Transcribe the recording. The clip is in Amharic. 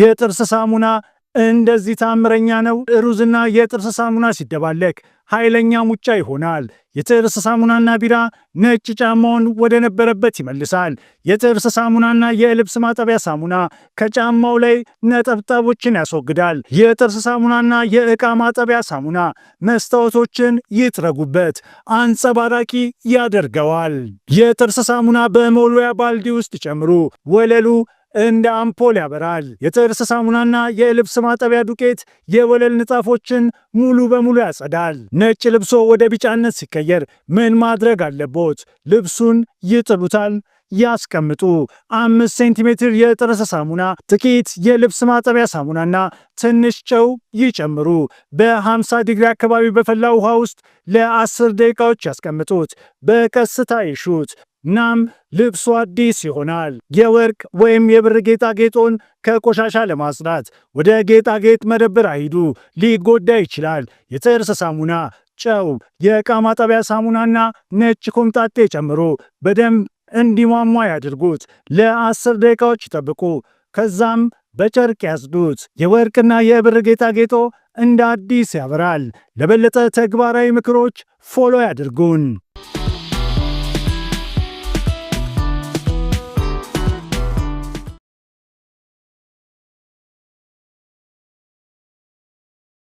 የጥርስ ሳሙና እንደዚህ ታምረኛ ነው። ሩዝና የጥርስ ሳሙና ሲደባለቅ ኃይለኛ ሙጫ ይሆናል። የጥርስ ሳሙናና ቢራ ነጭ ጫማውን ወደ ነበረበት ይመልሳል። የጥርስ ሳሙናና የልብስ ማጠቢያ ሳሙና ከጫማው ላይ ነጠብጣቦችን ያስወግዳል። የጥርስ ሳሙናና የዕቃ ማጠቢያ ሳሙና መስታወቶችን ይጥረጉበት፣ አንጸባራቂ ያደርገዋል። የጥርስ ሳሙና በመወልወያ ባልዲ ውስጥ ጨምሩ። ወለሉ እንደ አምፖል ያበራል። የጥርስ ሳሙናና የልብስ ማጠቢያ ዱቄት የወለል ንጣፎችን ሙሉ በሙሉ ያጸዳል። ነጭ ልብሶ ወደ ቢጫነት ሲቀየር ምን ማድረግ አለቦት? ልብሱን ይጥሉታል? ያስቀምጡ። አምስት ሴንቲሜትር የጥርስ ሳሙና፣ ጥቂት የልብስ ማጠቢያ ሳሙናና ትንሽ ጨው ይጨምሩ። በ50 ዲግሪ አካባቢ በፈላ ውሃ ውስጥ ለ10 ደቂቃዎች ያስቀምጡት። በቀስታ ይሹት። ናም ልብሱ አዲስ ይሆናል። የወርቅ ወይም የብር ጌጣጌጦን ከቆሻሻ ለማጽዳት ወደ ጌጣጌጥ መደብር አይሂዱ፣ ሊጎዳ ይችላል። የጥርስ ሳሙና ጨው፣ የዕቃ ማጠቢያ ሳሙናና ነጭ ኮምጣጤ ጨምሮ በደንብ እንዲሟሟ ያድርጉት። ለአስር ደቂቃዎች ይጠብቁ። ከዛም በጨርቅ ያጽዱት። የወርቅና የብር ጌጣጌጦ እንደ አዲስ ያበራል። ለበለጠ ተግባራዊ ምክሮች ፎሎ ያድርጉን።